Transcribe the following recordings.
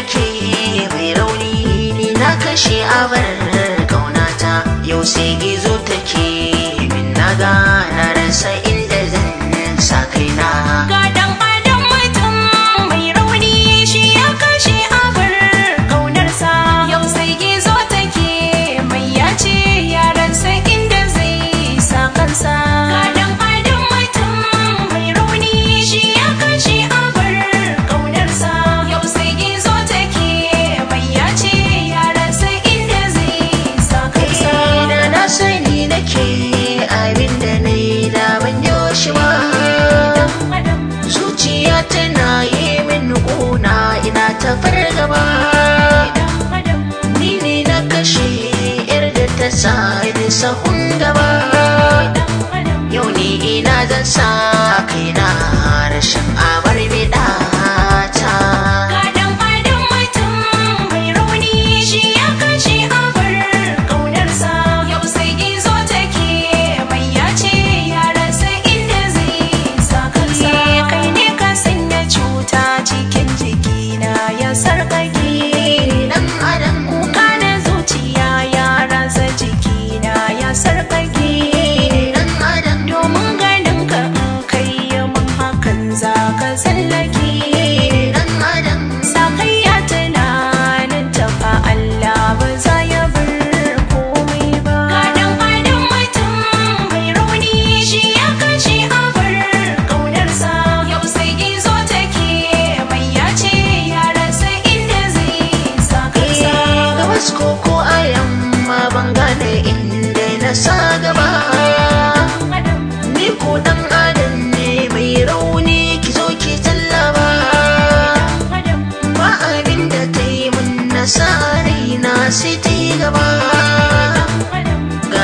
nake mai rauni ni na kashe abar kaunata yau sai gizo take min na ga na rasa inda zan sa kaina sa ni sahun gaba yau ne ina zan sa kaina rashin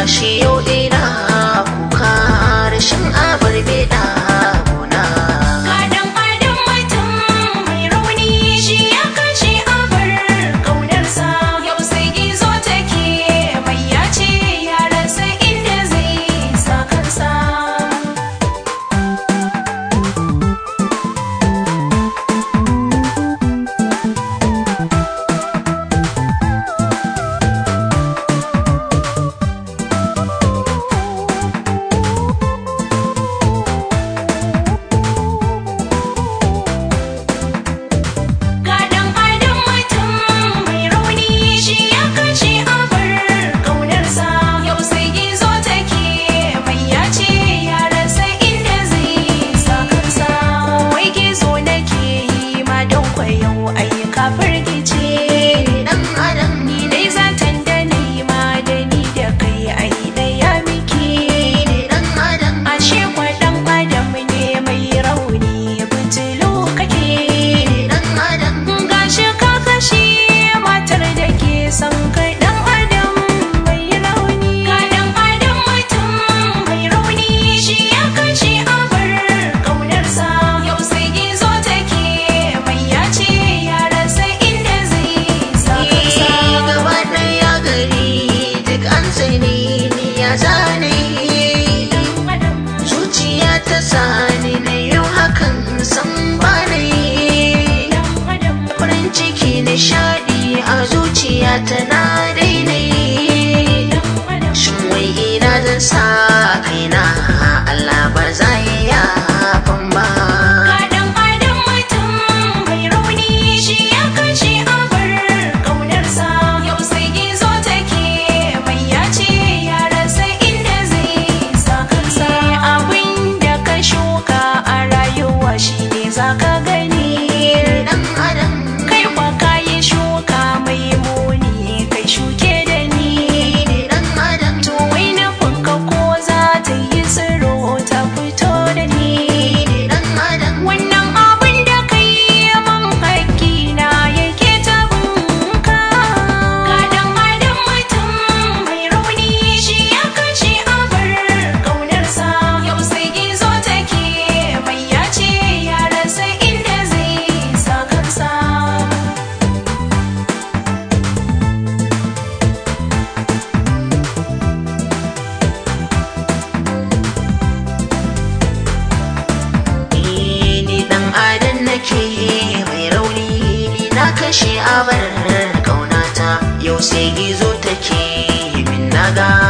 西游。tonight kauna ta, yau sai gizo take min naga